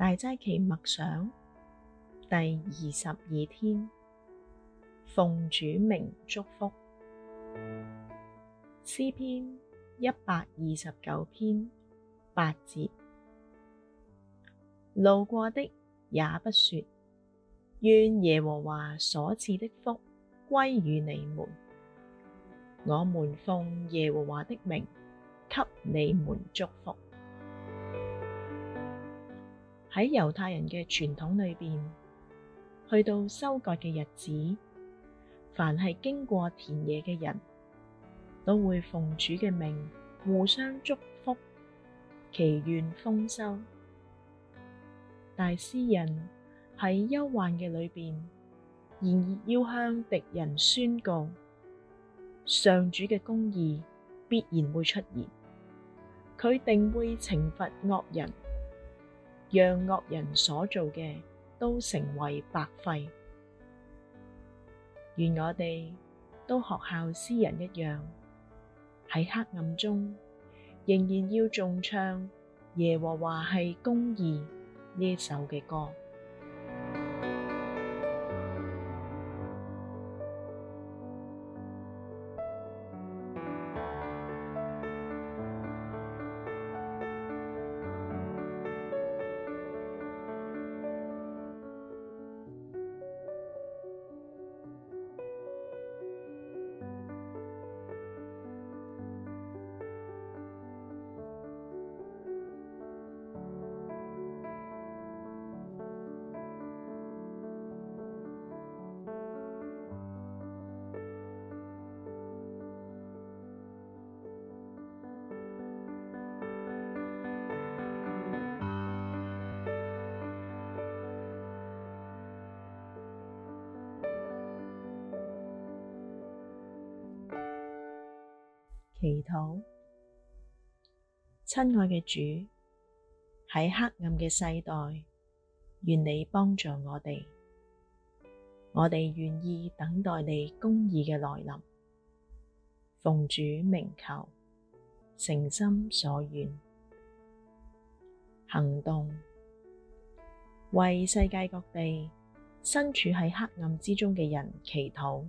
大齋期默想第二十二天，奉主名祝福。詩篇一百二十九篇八節，路過的也不說，願耶和華所賜的福歸與你們。我們奉耶和華的名給你們祝福。喺猶太人嘅傳統裏面，去到收割嘅日子，凡係經過田野嘅人，都會奉主嘅名互相祝福，祈願豐收。但詩人喺憂患嘅裏邊，仍然而要向敵人宣告，上主嘅公義必然會出現，佢定會懲罰惡人。讓惡人所做嘅都成為白費，願我哋都學效詩人一樣，喺黑暗中仍然要頌唱耶和華係公義呢首嘅歌。祈禱，親愛嘅主，喺黑暗嘅世代，願你幫助我哋，我哋願意等待你公義嘅來臨。奉主名求，誠心所願。行動，為世界各地身處喺黑暗之中嘅人祈禱。